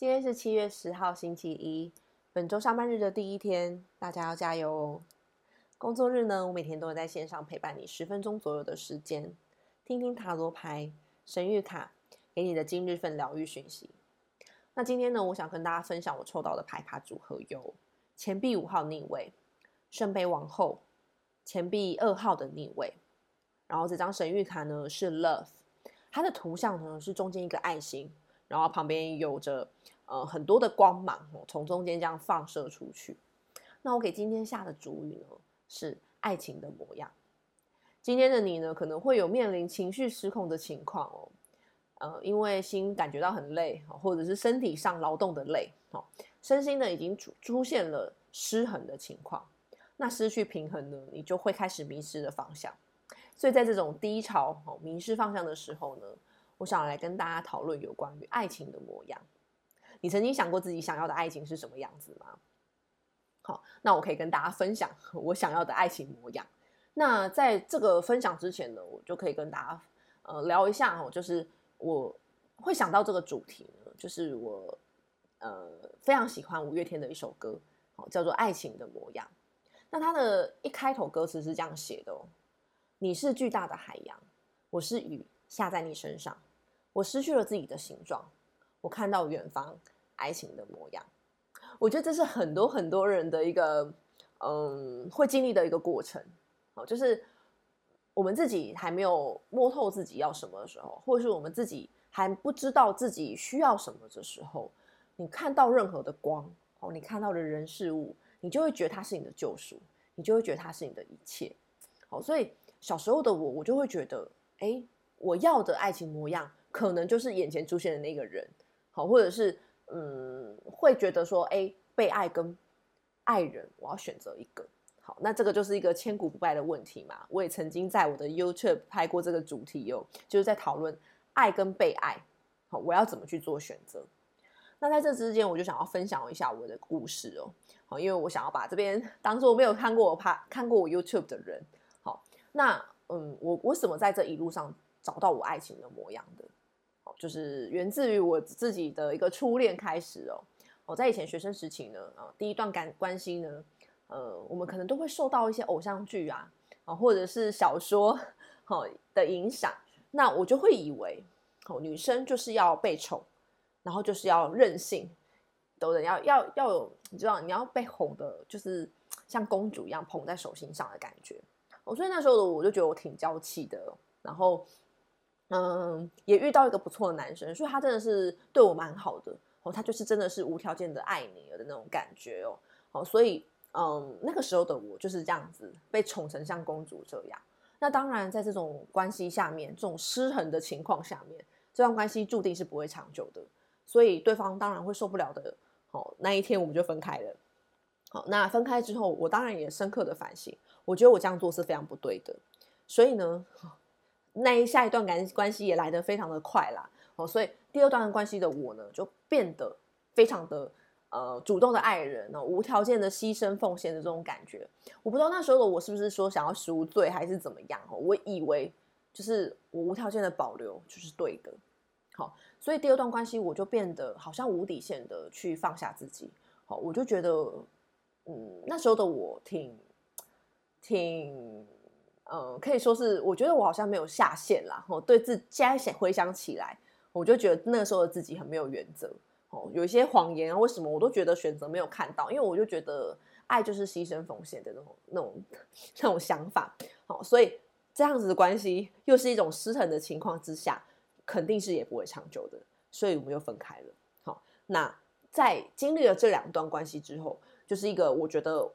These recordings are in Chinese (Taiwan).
今天是七月十號，星期一，本周上班日的第一天，大家要加油哦！工作日呢，我每天都會在線上陪伴你十分鐘左右的時間，聽聽塔羅牌、神諭卡給你的今日份療癒訊息。那今天呢，我想跟大家分享我抽到的牌卡組合有：錢幣五號逆位、聖杯王后、錢幣二號的逆位，然後這張神諭卡呢是 Love，它的圖像呢是中間一個愛心。然後旁邊有着呃很多的光芒、哦、從中間這樣放射出去。那我給今天下的主語呢是愛情的模樣。今天的你呢，可能會有面臨情緒失控的情況哦，呃、因為心感覺到很累或者是身體上勞動的累、哦、身心呢已經出現了失衡的情況。那失去平衡呢，你就會開始迷失的方向。所以在這種低潮迷失方向的時候呢。我想來跟大家討論有關於愛情的模樣。你曾經想過自己想要的愛情是什麼樣子嗎？好，那我可以跟大家分享我想要的愛情模樣。那在這個分享之前呢，我就可以跟大家呃聊一下哦，就是我會想到這個主題呢，就是我呃非常喜歡五月天的一首歌，叫做《愛情的模樣》。那它的一開頭歌詞是這樣寫的哦：你是巨大的海洋，我是雨下在你身上。我失去了自己的形狀，我看到遠方愛情的模樣，我覺得這是很多很多人的一個，嗯，會經歷的一個過程。好，就是我們自己還沒有摸透自己要什麼的時候，或者是我們自己還不知道自己需要什麼的時候，你看到任何的光，哦，你看到的人事物，你就會覺得它是你的救贖，你就會覺得它是你的一切。好，所以小時候的我，我就會覺得，哎、欸，我要的愛情模樣。可能就是眼前出現的那個人，好，或者是嗯，會覺得說，哎，被愛跟愛人，我要選擇一個，好，那這個就是一個千古不敗的問題嘛。我也曾經在我的 YouTube 拍過這個主題哦，就是在討論愛跟被愛，好，我要怎麼去做選擇。那在這之間，我就想要分享一下我的故事哦，好，因為我想要把這邊當做沒有看過我拍看過我 YouTube 的人，好，那嗯，我我怎麼在這一路上找到我愛情的模樣的？就是源自於我自己的一個初戀開始哦，我在以前學生時期呢，啊，第一段感關係呢，呃，我們可能都會受到一些偶像劇啊，啊，或者是小說，哦的影響。那我就會以為，哦，女生就是要被寵，然後就是要任性，等等，要要要有，你知道，你要被哄的，就是像公主一樣捧在手心上的感覺。我所以那時候的我就覺得我挺嬌氣的，然後。嗯，也遇到一個不錯的男生，所以他真的是對我蠻好的哦，他就是真的是無條件的愛你的那種感覺哦，好，哦，所以嗯，那個時候的我就是這樣子被寵成像公主這樣。那當然，在這種關係下面，這種失衡的情況下面，這段關係注定是不會長久的，所以對方當然會受不了的好，哦，那一天我們就分開了。好，那分開之後，我當然也深刻的反省，我覺得我這樣做是非常不對的，所以呢。那一下一段感關係也來得非常的快啦，哦，所以第二段關係的我呢，就變得非常的呃主動的愛人哦，無條件的犧牲奉獻的這種感覺，我不知道那時候的我是不是說想要贖罪還是怎麼樣哦，我以為就是我無條件的保留就是對的，好、哦，所以第二段關係我就變得好像無底線的去放下自己，好、哦，我就覺得嗯，那時候的我挺挺。嗯、呃，可以說是，我覺得我好像沒有下限啦。哦，對自現在想回想起來，我就覺得那時候的自己很沒有原則。哦，有一些謊言啊，為什麼我都覺得選擇沒有看到，因為我就覺得愛就是犧牲奉獻的那種那種那種想法。哦，所以這樣子的關係又是一種失衡的情況之下，肯定是也不會長久的，所以我們又分開了。好、哦，那在經歷了這兩段關係之後，就是一個我覺得。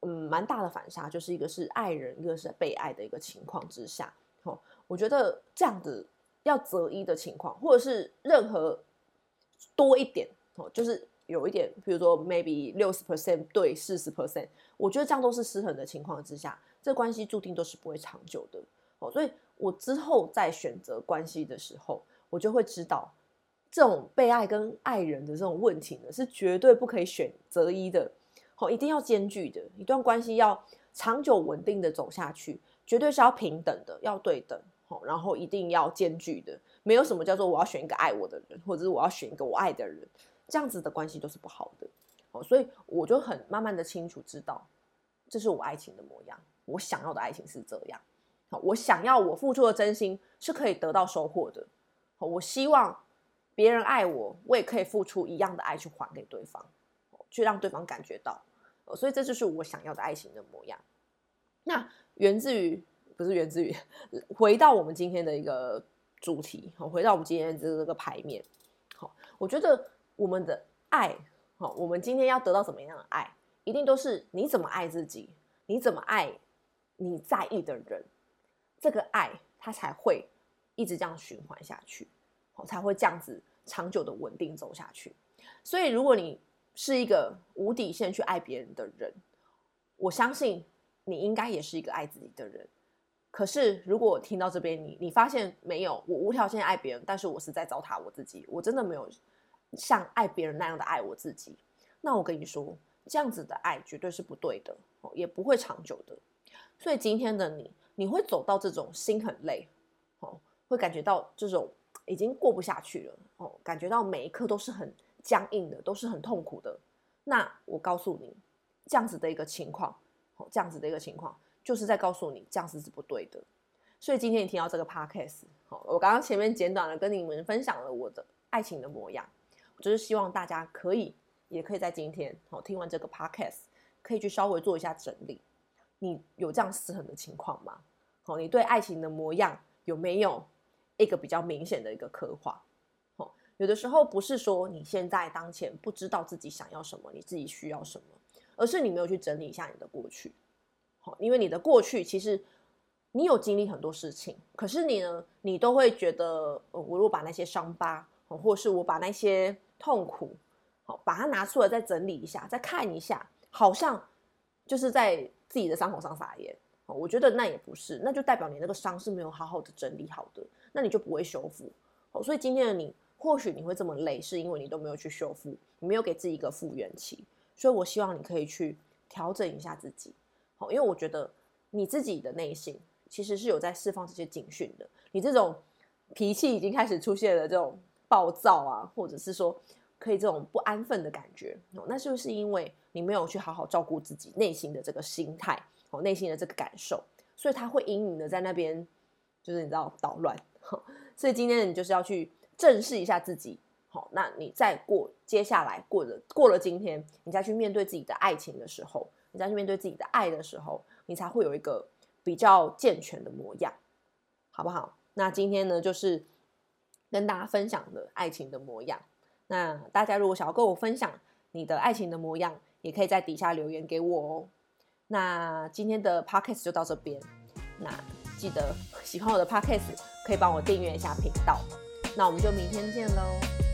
嗯，蠻大的反差，就是一個是愛人，一個是被愛的一個情況之下，哦，我覺得這樣子要擇一的情況，或者是任何多一點，哦，就是有一點，譬如說 maybe 六十 percent 對四十 percent，我覺得這樣都是失衡的情況之下，這個、關係注定都是不會長久的，哦，所以我之後在選擇關係的時候，我就會知道這種被愛跟愛人的這種問題呢，是絕對不可以選擇一的。好，一定要兼具的，一段關係要長久穩定的走下去，絕對是要平等的，要對等。好，然後一定要兼具的，沒有什麼叫做我要選一個愛我的人，或者是我要選一個我愛的人，這樣子的關係都是不好的。好，所以我就很慢慢的清楚知道，這是我愛情的模樣，我想要的愛情是這樣。好，我想要我付出的真心是可以得到收穫的。好，我希望別人愛我，我也可以付出一樣的愛去還給對方。去讓對方感覺到、哦，所以這就是我想要的愛情的模樣。那源自於，不是源自於，回到我們今天的一個主題，好、哦，回到我們今天這這個牌面，好、哦，我覺得我們的愛，哦、我們今天要得到什麼樣的愛，一定都是你怎麼愛自己，你怎麼愛你在意的人，這個愛他才會一直這樣循環下去、哦，才會這樣子長久的穩定走下去。所以如果你是一個無底線去愛別人的人，我相信你應該也是一個愛自己的人。可是如果聽到這邊你，你發現沒有，我無條件愛別人，但是我是在糟蹋我自己，我真的沒有像愛別人那樣的愛我自己。那我跟你說，這樣子的愛絕對是不對的哦，也不會長久的。所以今天的你，你會走到這種心很累，哦，會感覺到這種已經過不下去了，哦，感覺到每一刻都是很。僵硬的都是很痛苦的，那我告訴你，這樣子的一個情況，哦，這樣子的一個情況，就是在告訴你這樣子是不對的。所以今天你聽到這個 podcast，好，我剛剛前面簡短的跟你們分享了我的愛情的模樣，我就是希望大家可以，也可以在今天，好，聽完這個 podcast，可以去稍微做一下整理。你有這樣失衡的情況嗎？好，你對愛情的模樣有沒有一個比較明顯的一個刻畫？有的時候不是說你現在當前不知道自己想要什麼，你自己需要什麼，而是你沒有去整理一下你的過去，好，因為你的過去其實你有經歷很多事情，可是你呢，你都會覺得，呃，我如果把那些傷疤，或者是我把那些痛苦，好，把它拿出來再整理一下，再看一下，好像就是在自己的傷口上撒鹽，好，我覺得那也不是，那就代表你那個傷是沒有好好的整理好的，那你就不會修復，好，所以今天的你。或許你會這麼累，是因為你都沒有去修復，你沒有給自己一個復原期，所以我希望你可以去調整一下自己。好，因為我覺得你自己的內心其實是有在釋放這些警訊的。你這種脾氣已經開始出現了這種暴躁啊，或者是說可以這種不安分的感覺，那是不是因為你沒有去好好照顧自己內心的這個心態，好，內心的這個感受，所以他會隱隱的在那邊，就是你知道搗亂。所以今天你就是要去。正視一下自己，好，那你再過接下來過了過了今天，你再去面對自己的愛情的時候，你再去面對自己的愛的時候，你才會有一個比較健全的模樣，好不好？那今天呢，就是跟大家分享的愛情的模樣。那大家如果想要跟我分享你的愛情的模樣，也可以在底下留言給我哦。那今天的 podcast 就到這邊，那記得喜歡我的 podcast 可以幫我訂閱一下頻道。那我們就明天見嘍。